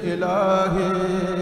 الإله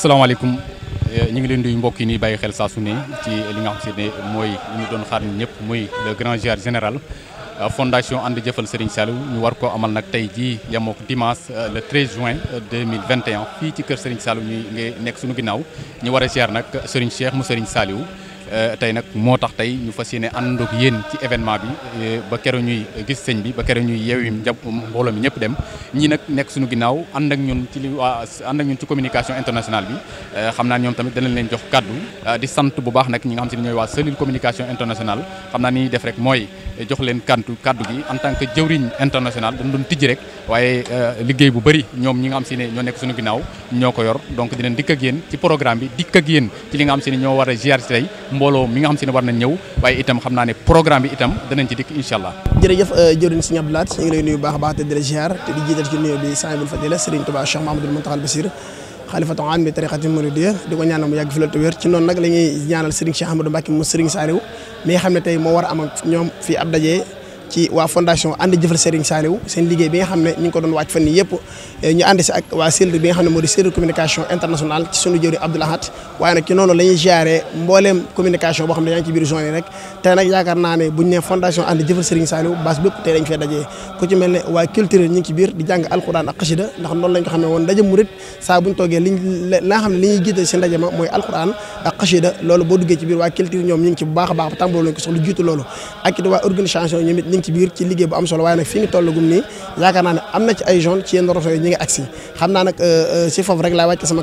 salaamaaleykum eh, ñu ngi leen di mbokk yi nii bàyyi xel saa su ne ci li nga xam si ne mooy li ñu doon xaar ñëpp muy le grand ziar général eh, fondation ànd jëfal Serigne Saliou ñu war koo amal nag tey jii yemook dimanche eh, le 13 juin 2021 fii ci kër Serigne Saliou ñu ngi nekk suñu ginnaaw ñu war a ziar nag Serigne Cheikh mu Serigne Saliou. Euh, tey nag moo tax tey ñu fas yéene àndandoo ak yéen ci événement bi euh, ba keroog ñuy gis sëñ bi ba keroog ñuy yeewi mbooloo mi ñëpp dem ñii nag nekk suñu ginnaaw ànd ak ñun ci li waa ànd ci communication internationale bi euh, xam naa ñoom tamit danañ leen jox kàddu di sant bu baax nag ñi nga xam si ne ñooy waa cellule communication internationale xam naa ni def rek mooy jox leen kàddu kàddu gi en tant que jëwriñ international dañ doon tijji rek waaye liggéey bu bëri ñoom ñi nga xam si ne ñoo nekk suñu ginnaaw ñoo ko yor donc dinañ dikk ak ci programme bi dikk ak yéen ci li nga xam si ne ñoo war a ziar si tey mbooloo mi nga xam si ne war nañ ñëw waaye itam xam naa ne programme bi itam danañ ci dikk incha allah jërëjëf euh, jëriñ Serigne Abdou Lahad ñu ngi lay nuyu baax baax te di la ziar te di di ko ñaanal yàgg fi la ci noonu nag la ñuy ñaanal Serigne Cheikh Ahmadou Mbacké mu Serigne Saliou mi nga xam ne tey moo war a ñoom fii ab dajee ci waa fondation ànd jëfal Serigne Saliou seen liggéey bi nga xam ne ñu ko doon waaj fan yii yëpp eh, bi nga xam ne moo di cellule communication internationale ci sunu jëwri Abdou Lahad waaye nag ci noonu la ñuy mbooleem communication boo xam ne yaa ngi ci biir fee dajee ku ci mel ne waa culture ñu ngi ci biir di jàng alxuraan ak xasida ndax noonu lañ ko xamee woon ndaje murit saa buñ toogee liñ la si ndaje ma mooy alxuraan ak a baax tàmbaloo lañ ko sax lu ngi ci biir ci liggéey bu am solo waaye nag fi ngi tollagum nii yaakaar naa ne am na ci ay jeunes ci yenn roto yi ñi ngi agsi xam naa nag euh, euh, fi nga xam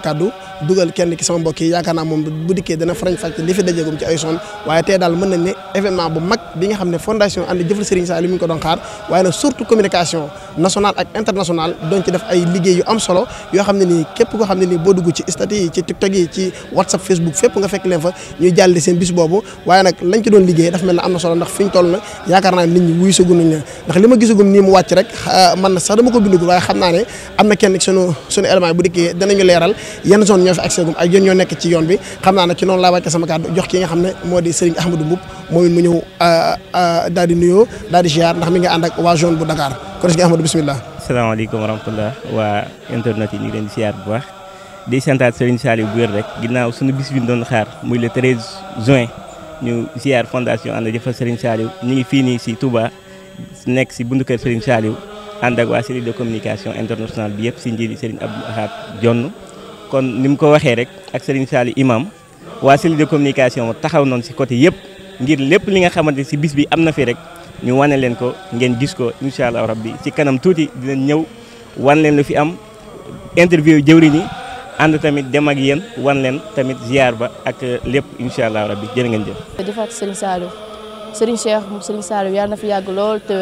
na yaakaar naa nit ñi gisagu nañ leen ndax li ma gisagum nii mu wàcc rek ah, man na sax dama ko bindagul waaye xam naa ne am na kenn sunu sunu élément bu dikkee danañu leeral yenn zone ñoo fi accès gum ak bi xam naa ne ci noonu laa jox ki nga xam ne moo di Serigne Ahmadou Mboup mooy mu ñëw ah, ah, daal di nuyoo daal di ziar ndax mi ngi ànd ak waa zone bu Dakar kon Serigne Ahmadou bismillah asalaamaaleykum wa rahmatullah waa internet yi ñu ngi leen di ziar bu baax di santaat bu wér rek ginnaaw suñu bis bi ñu doon xaar muy le 13 juin ñu ziar fondation ànd nekk si bundu kër Serigne Saliou ànd ak waa cellule de communication internationale bi yëpp si njiit Serigne Abdou Ahad Jonn kon ni mu ko waxee rek ak Serigne Saliou imam waa cellule de communication taxaw noonu si côté yëpp ngir lépp li nga xamante si bis bi am na fi rek ñu wane leen ko ngeen gis ko incha allah rabbi si kanam tuuti dinañ ñëw wan leen lu fi am interview jëwriñ yi ànd tamit dem ak yéen wan leen tamit ziar ba ak lépp incha allah rabbi jërë ngeen Serigne Cheikh Serigne Saliou yàlla na fi yàgg lool te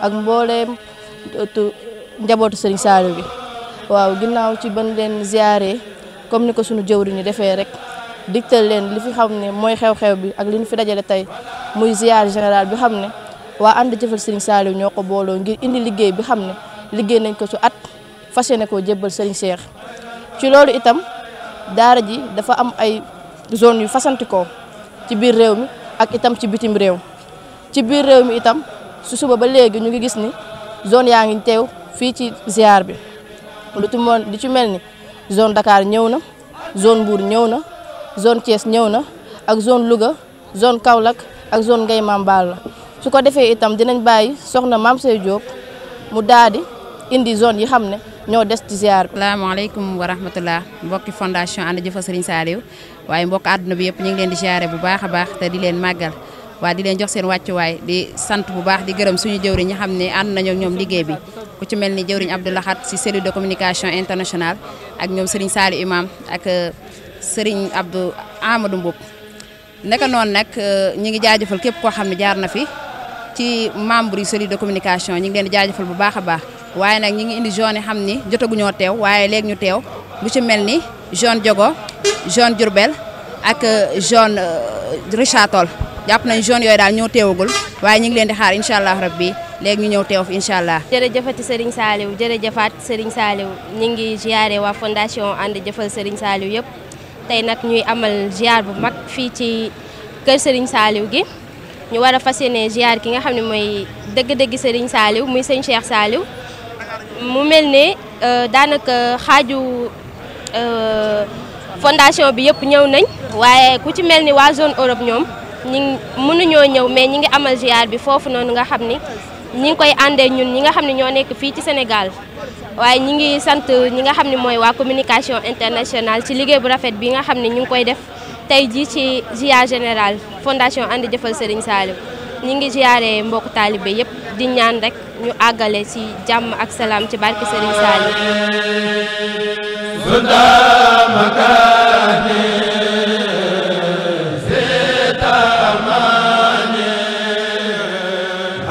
ak mbooleem njabootu Serigne Saliou bi waaw ginnaaw ci ban leen ziare comme ni ko sunu jëwriñu defee rek digtal leen li fi xam ne mooy xew-xew bi ak li ñu fi dajale tey muy ziare général bi xam ne waa ànd jëfal Serigne Saliou ñoo ko booloo ngir indi liggéey bi xam ne liggéey nañ ko su at fas yéene koo jébbal Serigne Cheikh ci loolu itam daara ji dafa am ay zone yu fasantikoo ci biir réew mi ak itam ci bitim réew ci biir réew mi itam su suba ba léegi ñu ngi gis ni zone yaa ngi teew fii ci ziar bi lu ci moon di ci mel ni zone Dakar ñëw na zone Mbour ñëw na zone Thiès ñëw na ak zone Louga zone Kaolack ak zone Ngay Maam Baal la su ko defee itam dinañ bàyyi soxna Mame Saye Diop mu daal di indi zone yi xam ne ñoo des ci ziar bi. salaamaaleykum wa rahmatulah mbokki fondation ànd jëfa Serigne Saliou waaye mbokk àdduna bi yëpp ñu ngi leen di siyaare bu baax a baax te di leen màggal waa di leen jox seen wàccuwaay di sant bu baax di gërëm suñu jëwriñ ñi xam ne ànd nañu ñoom liggéey bi ku ci mel ni jëwriñ Abdou Lahat si cellule de communication internationale ak ñoom Serigne Sali Imam ak euh, Serigne Abdou Amadou Mboup naka noonu nag euh, ñi ngi jaajëfal képp koo xam ne jaar na fi ci membre yu cellule de communication ñi ngi leen di jaajëfal bu baax a baax waaye nag ñi ngi indi journée xam ni jotaguñoo teew waaye léegi ñu teew bu ci mel ni zone Diogo zone Diourbel ak zone euh, euh, Richard Toll jàpp nañ zone yooyu daal ñoo teewagul waaye ñu ngi leen di xaar incha allah rabbi léegi ñu ñëw teew fi incha allah. jërëjëfati Serigne Saliou jëfaat Serigne Saliou ñi ngi ziare waa fondation ànd jëfal Serigne Saliou yëpp tey nag ñuy amal ziar bu mag fii ci kër Serigne Saliou gi. ñu war a fas yéene ziar ki nga xam ne mooy dëgg-dëgg Serigne Saliou muy sëñ Cheikh Saliou mu mel ne euh, daanaka xaaju. Euh, fondation bi yëpp ñëw nañ waaye ku ci mel ni waa zone Europe ñoom ñi mënuñoo ñëw mais ñi ngi amal ziar bi foofu noonu nga xam ni ñi ngi koy àndee ñun ñi nga xam ne ñoo nekk fii ci Sénégal waaye ñi ngi sant ñi nga xam ne mooy waa communication international ci liggéey bu rafet bi nga xam ne ñu ngi koy def tey jii ci ziar général fondation ànd jëfal Serigne Saliou ñi ngi ziare mbokk taalibe yëpp di ñaan rek ñu àggale ci jàmm ak salaam ci barke Serigne Saliou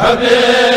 Amen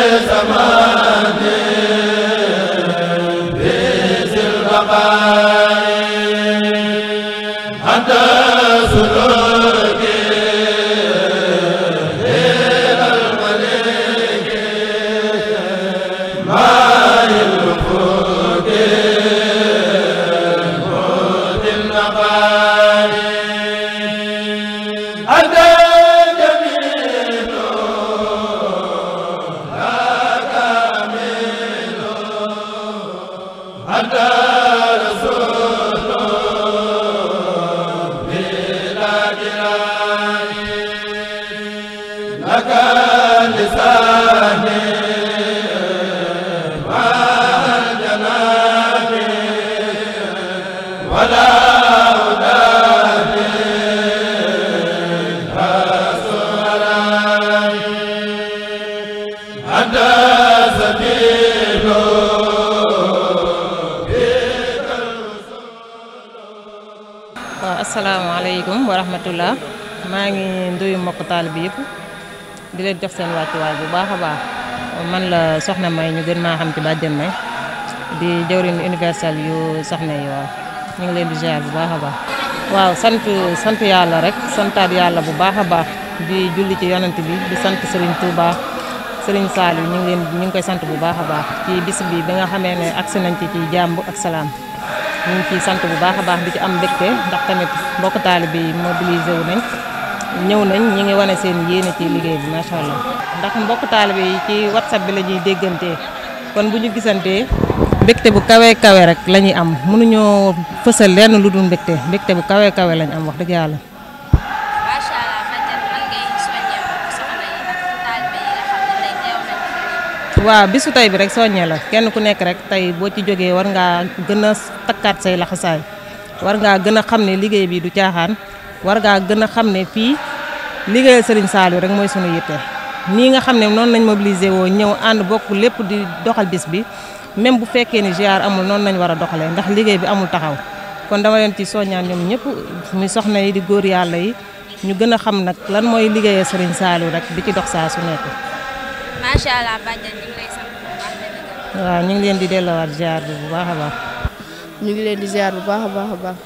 asalaamaaleykum wa rahmatullah maa ngi nduyu mbokk taalib bi yëpp di leen jox seen wàccuwaay bu baax a baax man la soxna may ñu gën maa xam ci bàjjen may di jawrin universel yu soxna yi waaw ñu ngi leen di ziar bu baax a baax waaw sant sant yàlla rek santaat yàlla bu baax a baax di julli ci yonent bi di sant Serigne Touba Serigne Saliou ñu ngi leen ñu ngi koy sant bu baax a baax ci bis bi bi nga xamee ne agsi nañ ci ci jàmm ak salaam ñu ngi ciy sant bu baax a baax di ci am mbégte ndax tamit mbokk taalibe yi mobilisé wu nañ ñëw nañ ñi ngi wane seen yéene ci liggéey bi macha ndax mbokk taalibe yi ci whatsapp bi la ñuy déggantee kon bu ñu gisantee mbégte bu kawee kawe rek la ñuy am mënuñoo fësal lenn lu dul mbégte mbégte bu kawe kawe lañ am wax dëgg yàlla. waaw bisu tey bi rek soññee la kenn ku nekk rek tey boo ci jógee war ngaa gën a takkaat say laxasaay war ngaa gën a xam ne liggéey bi du caaxaan war ngaa gën a xam ne fii liggéeyal sëriñ Saliou rek mooy sunu yitte nii nga xam ne noonu nañ mobiliser woo ñëw ànd bokk lépp di doxal bis bi même bu fekkee ni ziar amul noonu nañ war a doxalee ndax liggéey bi amul taxaw kon dama leen ci soññaan ñoom ñëpp muy soxna yi di góor yàlla yi ñu gën a xam nag lan mooy liggéeyal Serigne Saliou rek bi ci dox saa su nekk macha allah Badiane ñu ngi leen di delloowaat ziar bu baax a baax. ñu ngi leen di ziar bu baax a baax a baax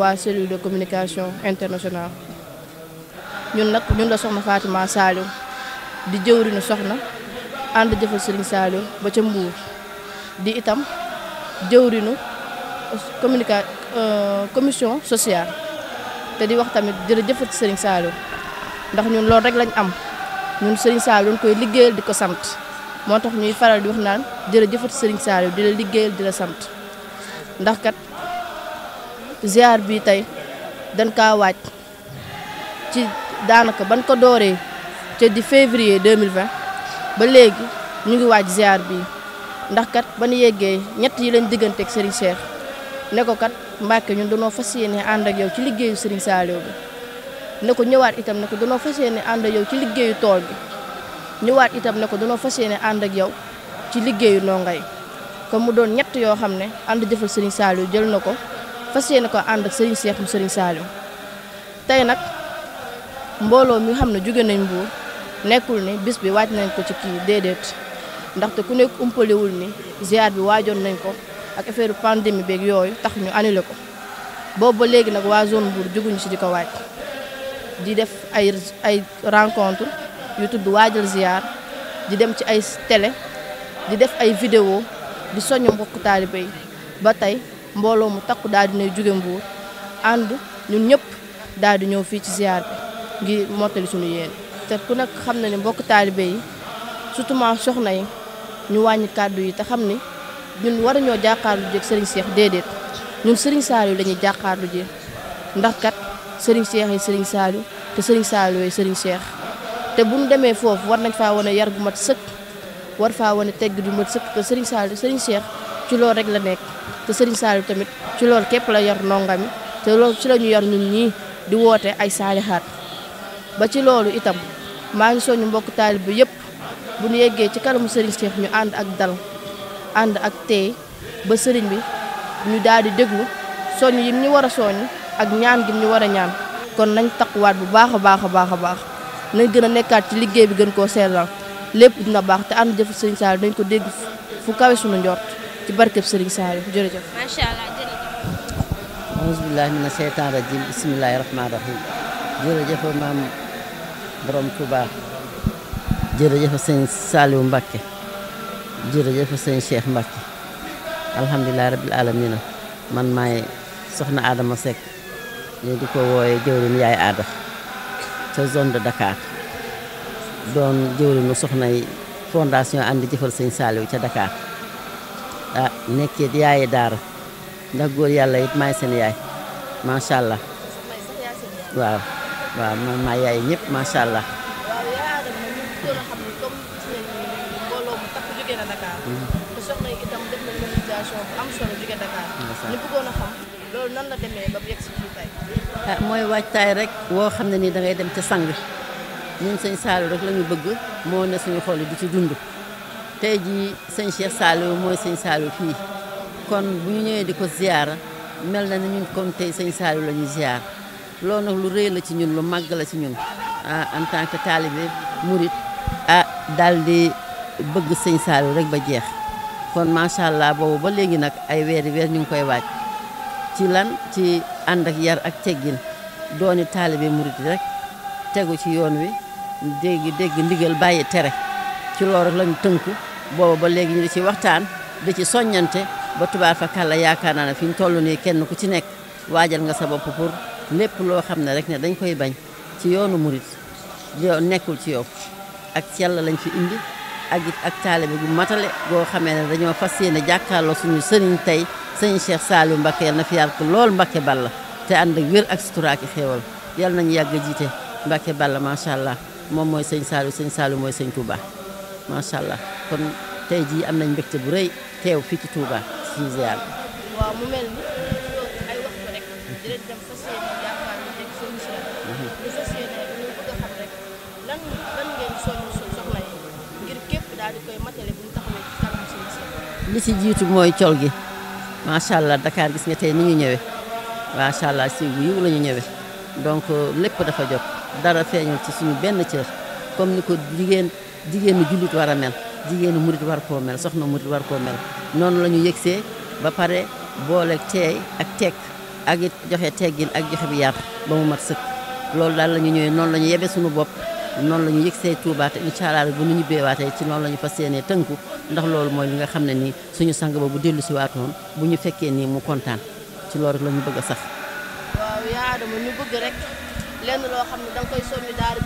waa cellule de communication internationale ñun nag ñun la soxna Fatima Saliou di jëwriñu soxna ànd jëfal Serigne Saliou ba ca Mbour di itam jëwrinu communica euh, commission sociale te di wax tamit jërëjëfat Serigne Saliou ndax ñun loolu rek lañ am. ñun Serigne Saliou dañ koy liggéeyal di ko sant moo tax ñuy faral di wax naan jërëjëfat Serigne Saliou di la liggéeyal di la sant ndax kat ziar bi tey dañ ka waaj ci daanaka ban ko dooree ca di février 2020 ba léegi ñu ngi waaj ziar bi ndax kat ba ñu yeggee ñett yi leen digganteeg Serigne Cheikh ne ko kat Mbàkke ñun dañoo fas yéene ànd ak yow ci liggéeyu Serigne Saliou bi ne ko ñëwaat itam ne ko danoo fas yéene ànd ak yow ci liggéeyu tool bi ñëwaat itam ne ko danoo fas yéene ànd ak yow ci liggéeyu ndongo yi kon mu doon ñett yoo xam ne ànd jëfal Serigne Saliou jël na ko fas yéene ko ànd ak Serigne Cheikh mu Serigne tey nag mbooloo mi xam ne jóge nañ Mbuur nekkul ni bis bi waaj nañ ko ci kii déedéet ndaxte ku nekk umpalewul ni ziar bi waajoon nañ ko ak affaire pandémie beeg yooyu tax ñu annulé ko boobu ba léegi nag waa zone Mbuur jóguñu si di ko waaj di def ay ay rencontre yu tudd waajal ziar di dem ci ay télé di def ay vidéo di soññ mbokk taalibe yi ba tey mbooloo mu takku daal di ne jóge Mbuur ànd ñun ñëpp daal di ñëw fii ci ziar bi ngir mottali suñu yéen te ku nekk xam na ne mbokk taalibe yi surtout ma soxna yi ñu wàññi kàddu yi te xam ni ñun war ñoo jàkkaarlu jeeg sëriñ Cheikh déedéet ñun Serigne Saliou la ñuy jàkkaarlu ji ndax sëriñ Cheikh yi sëriñ Saliou te sëriñ Saliou yi sëriñ Cheikh te bu ñu demee foofu war nañ faa wane yar gu mat sëkk war faa wane tegg du mat sëkk te sëriñ Saliou sëriñ Cheikh ci loolu rek la nekk te sëriñ Saliou tamit ci loolu képp la yar ndongami te loolu ci la ñu yar ñun ñii di woote ay saalihaat ba ci loolu itam maa ngi soññu mbokk taalib bi yëpp bu ñu yeggee ci kanamu sëriñ Cheikh ñu ànd ak dal ànd ak tey ba sëriñ bi ñu daal di déglu soññ yim ñu war a soññ ak ñaan gi ñu war a ñaan kon nañ taquwaat bu baax a baax a baax a baax nañ gën a nekkaat ci liggéey bi gën koo seetlal lépp dina baax te ànd jëf sëriñ Saliou dañ ko dégg fu kawe suñu njort ci barkeb sëriñ Saliou jërëjëf. macha allah jërëjëf. alhamdulilah mina seytaan rajim bisimilahi rahmaani rahim jërëjëf maam borom Touba jërëjëf sëñ Saliou Mbacke jërëjëf sëñ Cheikh man maay soxna Adama Seck. ñu di ko wooye jëwriñ yaay aada ca zone de Dakar doon jëwriñu soxna yi fondation di jëfal sëñ Saaliw ca Dakar ah nekkee di yaayi daara ndax góor yàlla it maay seen yaay macha allah waaw waaw man yaay ñëpp macha allah. nan la demee ba yegg ah, mooy waajtaay rek woo xam ne nii da dem ca sang ñun sëñ Saliou rek lañu bëgg moo ne suñu xol di ci dund tey jii sëñ Cheikh Saliou mooy sëñ Saliou fii kon bu ñu ñëwee di ko ziyaara mel na ni ñun comme tey sëñ Saliou la ñuy loo nag lu rëy la ci ñun lu màgg la ci ñun ah en tant que taalibe murit ah daal di bëgg sëñ Saliou rek ba jeex kon macha allah boobu ba léegi nag ay weeri weer ñu ngi koy waaj. ci lan ci ànd ak yar ak teggin dooni taalibe murit rek tegu ci yoon wi dégg dégg ndigal bàyyi tere ci loolu rek lañu tënku booba ba léegi ñu di ci waxtaan di ci soññante ba tubaar fa kàlla yaakaar naa ne fi ñu toll nii kenn ku ci nekk waajal nga sa bopp pour lépp loo xam ne rek ne dañ koy bañ ci yoonu murit yow nekkul ci yow ak yàlla lañ fi indi ak it ak taalibe gu matale goo xamee ne dañoo fas yéene jàkkaarloo suñu sëriñ tey sëñ Cheikh Saliou Mbacké yal na fi yàgg lool Mbacké Balla te ànd ak wér ak sutura ak xéewal yal nañu yàgg jiite Mbacké Balla macha allah moom mooy sëñ Saliou sëñ Saliou mooy sëñ Touba macha allah kon tey jii am nañ mbégte bu rëy teew fii ci Touba ci ziar waaw mu mel ni ay waxtu rek dinañ dem fas yéene yaakaar ñu teg solution ñu fas yéene ñu bëgg a xam rek lan lan ngeen soññ suñ soxla yi ngir képp daal koy matale bu ñu taxawee li ci jiitu mooy col gi macha allah Dakar gis nga tey ni ñu ñëwee macha allah si yiw la ñu ñëwee donc euh, lépp dafa jot dara feeñul ci suñu benn cër comme ni ko jigéen jigéenu jullit war a mel jigéenu murit war koo mel soxna murit war koo mel noonu la ñu yëgsee ba pare boole teey ak tekk ak it joxe teggin ak joxe bi yar ba mu mat sëkk loolu daal la ñu ñëwee noonu la ñu yebe suñu bopp noonu la ñu yëgsee Tuubaa te incha allah bu nu ñibbeewaatee ci noonu la ñu fas yéenee tënku ndax loolu mooy li nga xam ne ni suñu sang ba bu dellu si waatoon bu ñu fekkee nii mu kontaan ci loolu rek bëgg a sax. waaw yaa Adama ñu bëgg rek lenn loo xam ne da koy soññee loo xam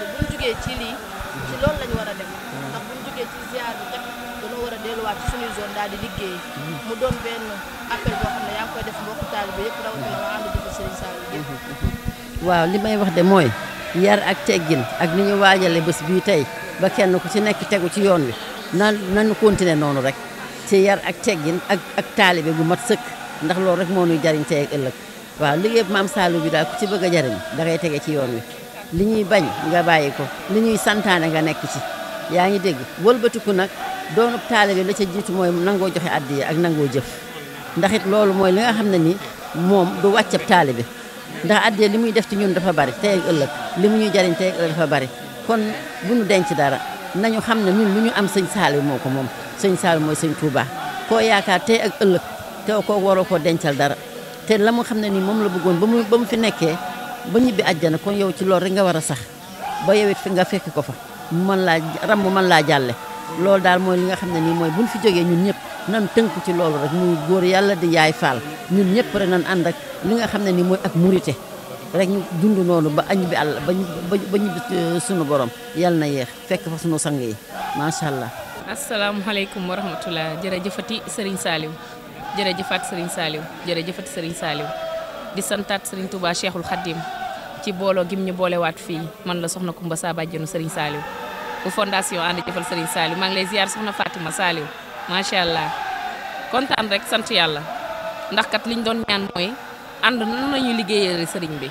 ne bu ñu ci lii. ci loolu la war a dem. ndax bu ñu jugee ci ziar bi kat dañoo war a delluwaat ci suñuy zone daal di liggéey. Mm-hmm. mu doon benn appel boo xam ne yaa ngi koy def mbokku taalibe yëpp rawatina waa dugg Serigne Sall mm-hmm. waaw li may wax de mooy yar ak teggin ak ni ñu waajale bés bii tey ba kenn ku ci nekk tegu ci yoon wi na nañu continuer noonu rek ci yar ak teggin ak ak taalibe bu mat sëkk ndax loolu rek moo nuy jariñ tey ak ëllëg waaw liggéey maam Saliou bi daal ku ci bëgg a jariñ da tege ci yoon wi li ñuy bañ nga bàyyi ko li ñuy santaane nga nekk ci yaa ngi dégg wëlbatiku nag doonub taalibe la ca jiitu mooy nangoo joxe addiya ak nangoo jëf ndax it loolu mooy li nga xam ne ni moom du wàccab taalibe ndax addiya li muy def ci ñun dafa bari tey ak ëllëg li mu ñuy jariñ tey ak ëllëg dafa bari kon bu ñu denc dara nañu xam ne ñun lu ñu am sëñ Saaliw moo ko moom sëñ Saaliw mooy sëñ tuubaa koo yaakaar tey ak ëllëg te koo waroo koo dencal dara te la mu xam ne nii moom la bëggoon ba mu ba mu fi nekkee ba ñibbi àjjana kon yow ci loolu rek nga war a sax ba yow fi nga fekk ko fa mën laa ram mu mën laa jàlle loolu daal mooy li nga xam ne nii mooy bu buñ fi jógee ñun ñëpp nan tënk ci loolu rek muy góor yàlla di yaay faal ñun ñëpp rek nan ànd ak li nga xam ne nii mooy ak murite rek ñu dund noonu ba añ bi àll ba ba ñibbi euh, sunu borom yàlla na yeex fekk fa sunu sang yi macha allah. asalaamualeykum wa rahmatulah jërëjëfati Serigne Saliou jërëjëfaat Serigne Saliou jërëjëfati Serigne Saliou di santaat Serigne Touba Cheikhul Khadim ci booloo gim ñu boolewaat fii man la soxna Kumba Saa bàjjenu Serigne Saliou. bu fondation ànd jëfal Serigne Saliou maa ngi lay ziar soxna Fatima Saliou macha allah kontaan rek sant yàlla ndax kat liñ doon ñaan mooy ànd nan la ñuy liggéeyale sëriñ bi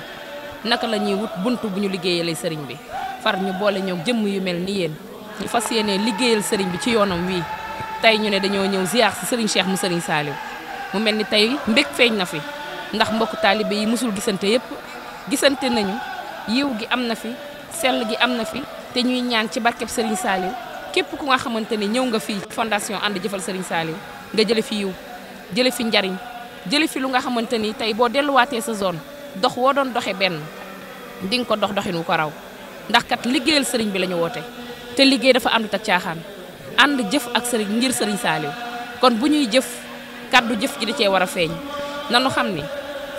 naka la ñuy wut bunt bu ñu liggéeyale sëriñ bi far ñu boole ñoo jëmm yu mel ni yéen ñu fas yéenee liggéeyal sëriñ bi ci yoonam wii tey ñu ne dañoo ñëw ziar si sëriñ Cheikh mu sëriñ saaliw mu mel ni tey mbég feeñ na fi ndax mbokk taalibe yi musul gisante yëpp gisante nañu yiw gi am na fi sell gi am na fi te ñuy ñaan ci barkeb Serigne Saliou képp ku nga xamante ne ñëw nga fii fondation ànd jëfal Serigne Saliou nga jële fi yiw jële fi njariñ jële fi lu nga xamante ni tey boo delluwaatee sa zone dox woo doon doxe benn di ko dox doxin wu ko raw ndax kat liggéeyal sëriñ bi lañu woote te liggéey dafa àndut ak caaxaan ànd jëf ak sëriñ ngir sëriñ Saliou kon bu ñuy jëf kàddu jëf ji da cee war a feeñ nanu xam ne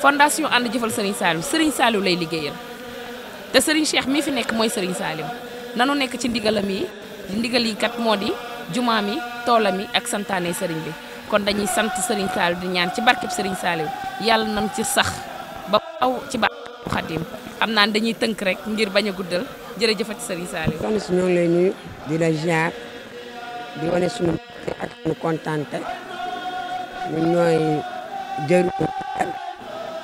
fondation ànd jëfal sëriñ Saliou sëriñ Saliou lay liggéeyal te sëriñ Cheikh mii fi nekk mooy sëriñ Saliou nanu nekk ci ndigalam yi ndigal yi kat moo di jumaam mi toolam yi ak santaane sëriñ bi kon dañuy sant sëriñ Saliou di ñaan ci barkeb sëriñ Saliou yàlla nam ci sax ba aw ci ba xadim dañuy tënk rek ngir bañ a guddal jërëjëfati sëriñ Saliou. soxna si ñoo ngi lay nuyu di la ziar di wane suñu ak kontante ñun ñooy jëru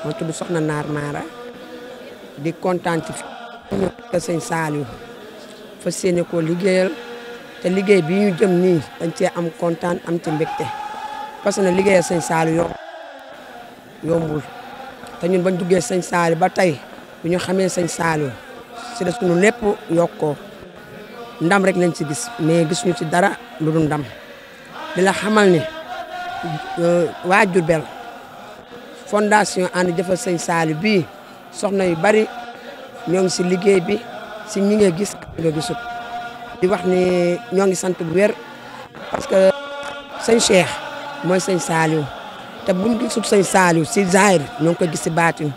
ma tudd soxna Naar Mara di kontaan ci fi sëñ Saliou fas yéene ko liggéeyal te liggéey bi ñu jëm nii dañ cee am kontaan am ci mbégte parce que na liggéeyal sëñ Saaliw yomb yombul te ñun bañ duggee sëñ Saaliw ba tey bu ñu xamee sëñ Saaliw si la suñu lépp yokkoo ndam rek lañ ci gis mais gisuñu ci dara lu dul ndam di la xamal ne euh, waa Jurbel fondation ànd jëfal sëñ Saaliw bi soxna yu bari ñoo ngi si liggéey bi si ñi nga gis nga gisut di wax ni ñoo ngi sant bu wér parce que sëñ Cheikh mooy sëñ Saliou te buñ gisut sëñ Saliou si zahir ñoo ngi koy gis si baatin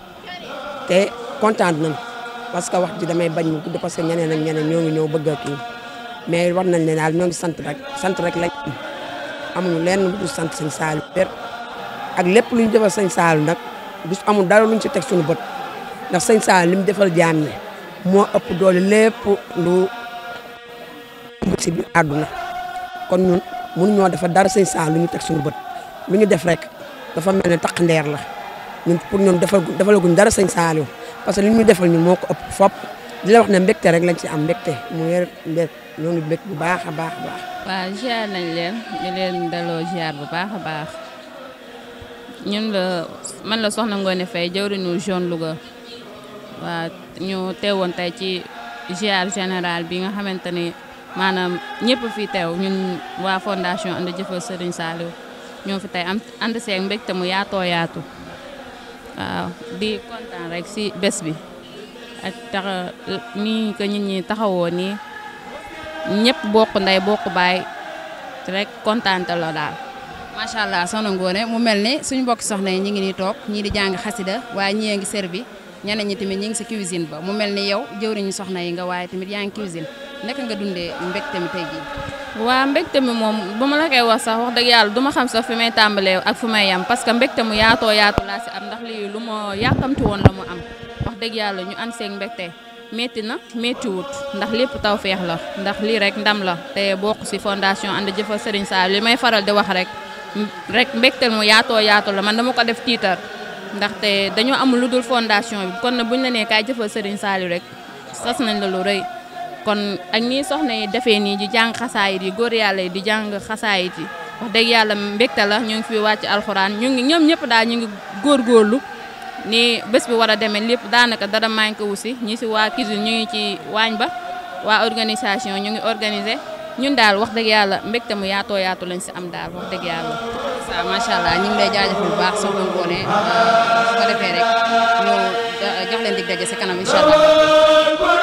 te kontaan nañ parce que wax ji damay bañ mu gudd parce que ñeneen ak ñeneen ñoo ngi ñëw bëgg mais war nañ ne daal ñoo ngi sant rek sant rek lañ amuñu lenn du sant sëñ Saliou wér ak lépp lu ñu defal sëñ Saliou nag du amul dara luñ ci teg suñu bët ndax sëñ Saliou li mu defal jaam ñi moo ëpp doole lépp lu si biir àdduna kon ñun mënuñoo defar dara sëñ Saliou lu ñu teg suñu bët lu ñu def rek dafa mel ne taq ndeer la ñun pour ñun defal defalaguñ dara sëñ Saliou parce que li ñu defal ñun moo ko ëpp fop di la wax ne mbégte rek lañ ci am mbégte mu wér mbég loolu mbég bu baax a baax a baax. na leen ñu leen daloo ziar bu baax a baax ñun la man la soxna Ngoné Faye jawriñu zone Louga. waa ñu teewoon tey ci ziar général bi nga xamante ni maanaam ñëpp fi teew ñun waa fondation And Jëfal Serigne Saliou ñoo fi tey am ànd seeg mbégte mu yaato yaatu waaw di kontaan rek si bés bi ak tax nii ko nit ñi taxawoo nii ñëpp bokk ndey bokk baay rek kontaante loo daal. macha allah soxna Ngoné mu mel ni suñ mbokk soxna yi ñu ngi nii toog ñii di jàng xasida waaye ñii a ngi servi ñeneen ñi tamit ñi ngi si cuisine ba mu mel ni yow jëwriñu soxna yi nga waaye tamit yaa ngi cuisine naka nga dundee mbégte mi tey jii. waa mbégte mi moom ma la koy wax sax dëgg yàlla du ma xam sax fi may tàmbalee ak fu may yam parce que mbégte mu yaatoo yaatu laa si am ndax lii lu ma yàkkamti woon la mu am wax dëgg yàlla ñu ànd seeg mbégte metti na métti wut ndax lépp taw feex la ndax lii rek ndam la te bokk si fondation ànd jëfal Serigne Sall li may faral di wax rek rek mbégte mu yaatoo yaatu la man dama ko def tiitar ndaxte dañoo amul lu dul fondation bi kon na buñ la nee kaay jëfal Serigne Saliou rek sas nañ la lu rëy kon ak nii soxna yi defee nii di jàng xasaayit yi góor yàlla yi di jàng xasaayit yi wax dëgg yàlla mbégte la ñu ngi fi wàcc alxuraan ñu ngi ñoom ñëpp daal ñu ngi góor góorlu ni bés bi war a demee lépp daanaka dara manqué wu si ñi si waa cuisine ñu ngi ci waañ ba waa organisation ñu ngi organiser ñun daal wax dëgg yàlla mbégte mu yaato yaatu lañ si am daal wax dëgg yàlla. waaw macha allah ñu ngi lay jaajëfal bu baax soxna Ngoné euh, su ko defee rek ñu euh, jox leen dig daje si kanam incha allah.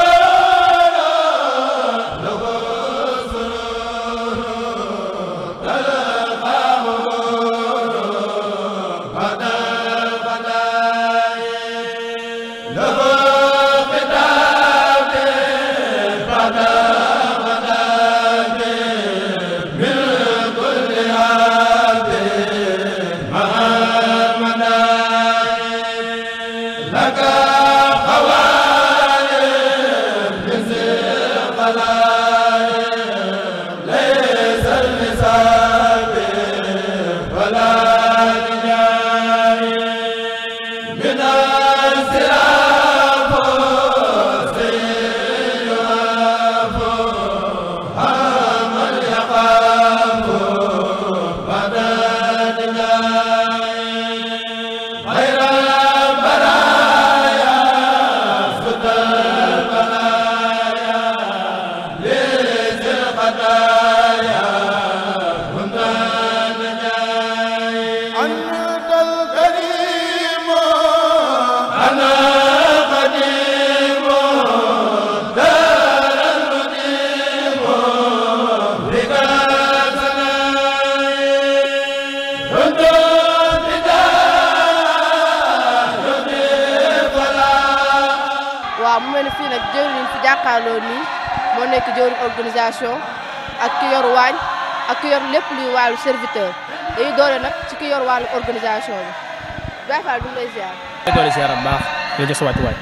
la jàkkaarloo nii moo nekk jëwriñ organisation ak ki yor waañ ak ki yor lépp luy wàllu serviteur dañuy doole nag ci ki yor wàllu organisation bi bu baax yow jox sa wàccuwaay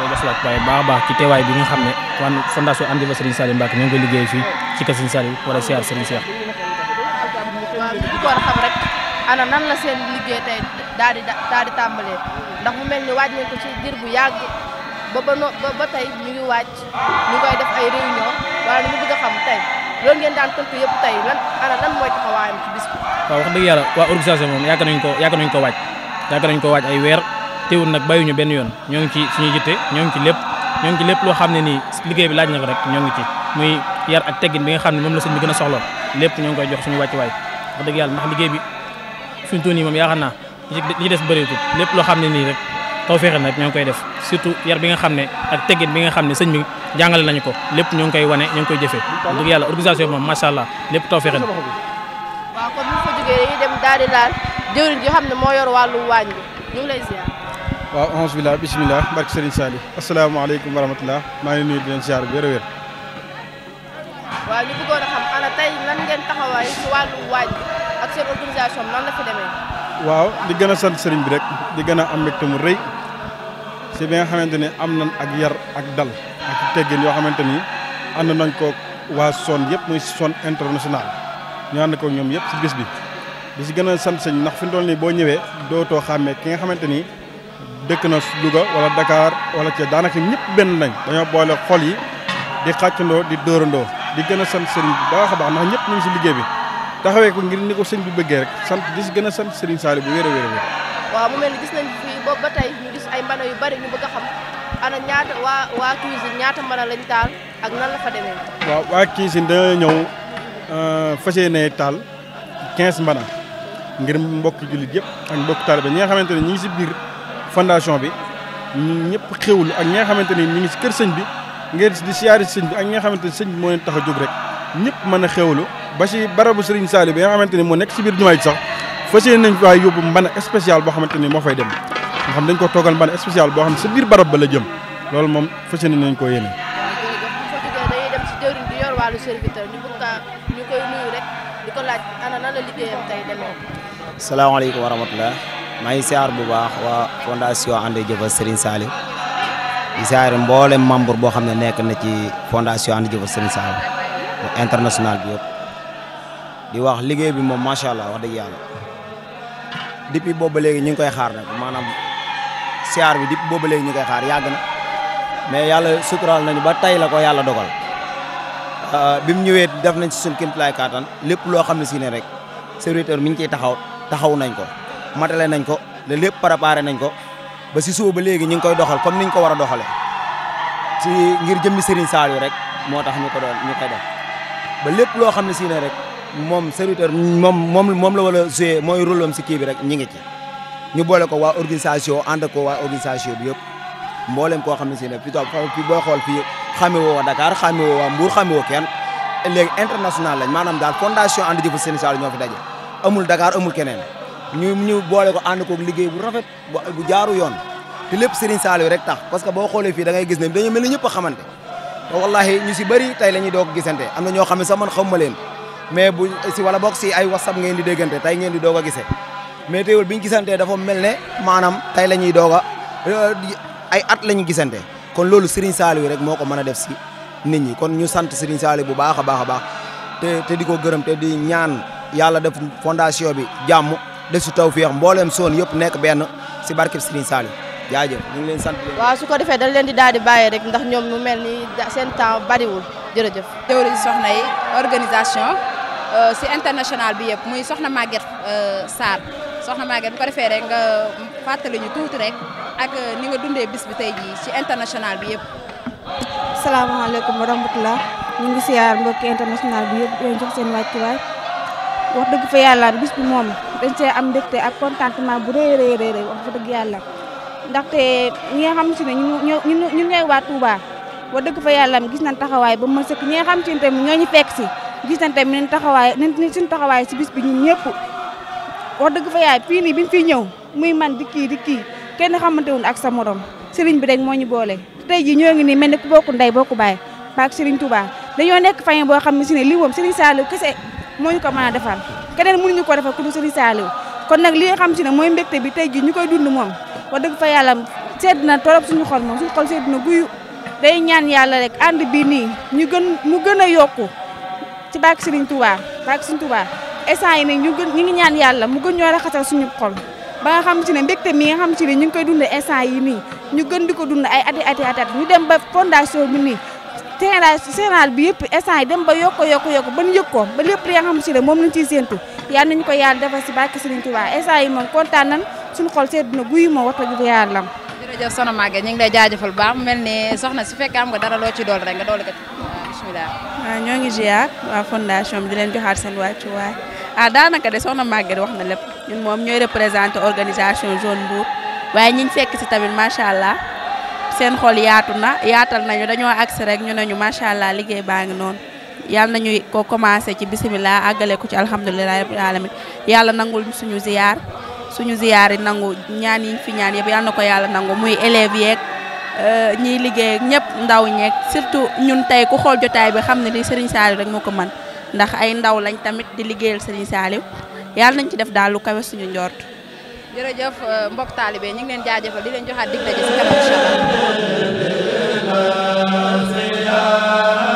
yow jox sa baax a baax ci teewaay bi nga xam ne wan fondation Ande ba Serigne Saliou Mbacke ñu ngi liggéey fii ci kër Serigne Saliou war a ziar Serigne Cheikh. waaw la seen liggéey tey ndax mu mel ni waaj nañ ko ci diir bu yàgg. ba ba no ba tey ñu ngi wàcc ñu ngi def ay réunion waaye ñu bëgg a xam tey loolu ngeen daan tontu yëpp tey lan ana lan mooy taxawaayam ci bis bi. wax dëgg yàlla waa organisation moom yaakaar nañu ko yaakaar nañu ko wàcc yaakaar nañu ko wàcc ay weer teewul nag bàyyiwuñu benn yoon ñoo ngi ci suñuy yitte ñoo ngi ci lépp ñoo ngi ci lépp loo xam ne nii liggéey bi laaj na ko rek ñoo ngi ci muy yar a teggin bi nga xam ne moom la sëñ bi gën a soxla lépp ñoo ngi koy jox suñu wàccuwaay wax dëgg yàlla ndax liggéey bi suñu tuun yi moom yaakaar naa li ci des lépp loo xam ne nii tawféex nag ñoo ngi koy def surtout yar bi nga xam ne ak teggin bi nga xam ne sëñ bi jàngale nañu ko lépp ñoo ngi koy wane ñoo ngi koy jëfee dëgg yàlla organisation bi moom macha allah lépp tawféex na. moo yor wàllu waañ bi ñu ngi waaw onze billah bisimilah barke Serigne Sali asalaamaaleykum wa rahmatulah maa ngi nuyu di leen ziar wér wér. waaw ñu bëggoon xam ana tey lan ngeen taxawaay ci wàllu waañ bi ak seen organisation bi nan demee. waaw di gën a sant bi rek di gën a am mu rëy ci bi nga xamante ni am nañ ak yar ak dal ak teggin yoo xamante ni ànd nañ ko waa son yëpp muy son international ñu ànd ko ñoom yëpp ci bis bi di si gën a sant sañ ndax fi mu toll nii boo ñëwee dootoo xàmmee ki nga xamante ni dëkk na Louga wala Dakar wala ci daanaka ñëpp benn nañ dañoo boole xool yi di xàccandoo di dóorandoo di gën a sant sëriñ bi baax a baax ndax ñëpp ñu ngi ci liggéey bi taxawee ko ngir ni ko sëñ bi bëggee rek sant di ci gën sant sëriñ Saliou bu wér a wér a ay mbana yu bari ñu bëgg a xam ana ñaata waa waa cuisine ñaata mbana lañ taal ak nan la fa demee. waaw waa cuisine dañoo ñëw euh, fas yéene taal 15 mbana ngir mbokk jullit yëpp ak mbokk taalibe ñi nga xamante ne ñu ngi si biir fondation bi ñu ñëpp xéwlu ñi nga xamante ne ñu ngi si kër sëñ bi ngir di siyaari sëñ bi ak ñi sëñ bi moo leen tax a jóg rek ñëpp mën a xéwlu ba si barabu Sëriñ Saali bi nga xamante ne moo nekk si biir jumaa ji sax fas yéene nañ faa yóbbu mbana spécial boo xamante ne moo fay dem nga xam dañ ko toogal mban spécial boo xam ne sa biir barab ba la jëm loolu moom fas yéene nañ ko yéene. salaamaaleykum wa maa ngi siyaar bu baax waa fondation Ande Jëfal Serigne Saliou di membre boo xam ne nekk na ci fondation Ande Jëfal Serigne Saliou mu international di wax liggéey bi moom macha allah wax dëgg yàlla depuis boobu ba léegi ñu ngi koy xaar nag siyaar bi di booba léegi ñu koy xaar yàgg na mais yàlla suturaal nañu ba tey la ko yàlla dogal euh, bi mu ñëwee def nañ ci suñ kéemtulaay kàttan lépp loo xam ne si ne rek serviteur mi ngi ciy taxaw taxaw nañ ko matale nañ ko le lépp préparé nañ ko ba si suba ba léegi ñu ngi koy doxal comme niñ ko war a doxale si ngir jëmmi Serigne Saliou rek moo tax ñu ko doon ñu koy ba lépp loo xam ne si ne rek moom serviteur moom moom moom la wala joué mooy rôle am si kii bi rek ñi ngi ci ñu boole ko waa organisation ànd ko waa organisation bi yëpp mboolem koo xam ne si ne fi fi boo xool fii xame woo waa Dakar xame woo waa Mbour xame woo kenn léegi international lañ maanaam daal fondation ànd jëfu Sëriñ Saliou ñoo fi daje amul Dakar amul keneen ñu ñu boole ko ànd koog liggéey bu rafet bu jaaru yoon te lépp Sëriñ Saliou rek tax parce que boo xoolee fii da ngay gis ne dañu mel ni ñëpp a xamante wallahi ñu si bëri tey la ñuy doog gisante am na ñoo xam ne sax man xamuma leen mais bu si wala bokk si ay whatsapp ngeen di déggante tey ngeen di doog a gisee mais teewul bi ñu gisantee dafa mel ne maanaam tey la ñuy doog a euh, ay at la ñu gisante kon loolu Serigne Saliou rek moo ko mën a def si nit ñi kon ñu sant Serigne Saliou bu baax a baax a baax te te di ko gërëm te di ñaan yàlla def fondation bi jàmm def si tawfeex mbooleem soon yëpp nekk benn si barkeb Serigne Saliou jaajëf ñu ngi leen sant waaw su ko defee dañ leen di daal di ndax ñoom mu mel ni seen temps bariwul jërëjëf jëwriñ soxna yi organisation euh, si international bi yëpp muy soxna Maguette euh, Sarr soxna Maguette bu ko defee rek nga fàttali ñu tuuti rek ak euh, ni nga dundee bis bi tey jii ci international bi yëpp. salaamaaleykum wa rahmatulah ñu ngi siyaar mbokki international bi yëpp di jox seen wàccuwaay wax dëgg fa yàlla bis bi moom dañ see am ndëgte ak contentement bu rëy rëy rëy wax fa dëgg yàlla ndaxte ñi nga xam si ne ñun ñun ñun ngay waa Touba dëgg fa yàlla gis nañ taxawaay ba ma sëkk ñi nga xam si ne tamit ñoo ñu fekk si gis nañ tamit taxawaay nañ suñu taxawaay si bis bi ñun ñëpp. wax dëgg fa yaay fii bi ñu fiy ñëw muy man di kii di kii kenn xamante wuñ ak sa morom sëriñ bi rek moo ñu boole tey jii ñoo ngi ni mel ni ku bokku ndey bokku baay baak sëriñ Touba dañoo nekk fayin boo xam ne si ne lii moom sëriñ Saliou kese moo ñu ko mën a defal keneen mënuñu ko defal ku dul sëriñ Saliou kon nag li nga xam si ne mooy mbégte bi tey jii ñu koy dund moom wax dëgg fa yàlla sedd na torop suñu xol moom suñu xol na guyu day ñaan yàlla rek ànd bi nii ñu gën mu gën a yokku ci baak sëriñ Touba baak sëriñ Touba essant yi nag ñu gën ñu ngi ñaan yàlla mu gën ñoo raxatal suñu xol ba nga xam ci xam ci ne ngi koy dund essant yi nii ñu gën ko dund ay ati ati at ñu dem ba fondation bi nii terrain général bi yëpp essant yi dem ba yokko yokko yokko ban yëg ko ba lépp li nga xam ci ne moom lañ ciy séentu ko yàlla defal si barke Sëriñ Tuubaa essant yi moom kontaan nañ suñu xol seet na guyi moom wax dëgg yàlla jërëjëf soxna ngi lay jaajëfal baax mu mel ni soxna su fekkee am loo ci dool rek nga dool ko bismillah waaw ñoo ngi ziar waa fondation bi di leen ah daanaka de soxna Maguette wax na lépp ñun moom ñooy représenté organisation Jaune Mbour waaye ñiñ fekk si tamit macha allah seen xool yaatu na yaatal nañu dañoo agsi rek ñu ne ñu macha allah liggéey baa ngi noonu yàlla nañu ko commencé ci bisimilah àggale ko ci alhamdulilah rabbil alamin yàlla nangul suñu ziyaar suñu ziyaar yi nangu ñaan yi fi ñaan yëpp yàlla na ko yàlla nangu muy élèves yeeg euh, ñiy liggéey ak ñëpp ndaw ñeeg surtout ñun tey ku xool jotaay bi xam ne li Serigne Saliou rek moo ko man ndax ay ndaw lañ tamit di liggéeyal Serigne Saliou yàlla nañ ci def daal lu kawe suñu njort. jërëjëf euh, mbokk taalibe ñu ngi leen jaajëfal di leen joxaat dig daje ci kanam incha allah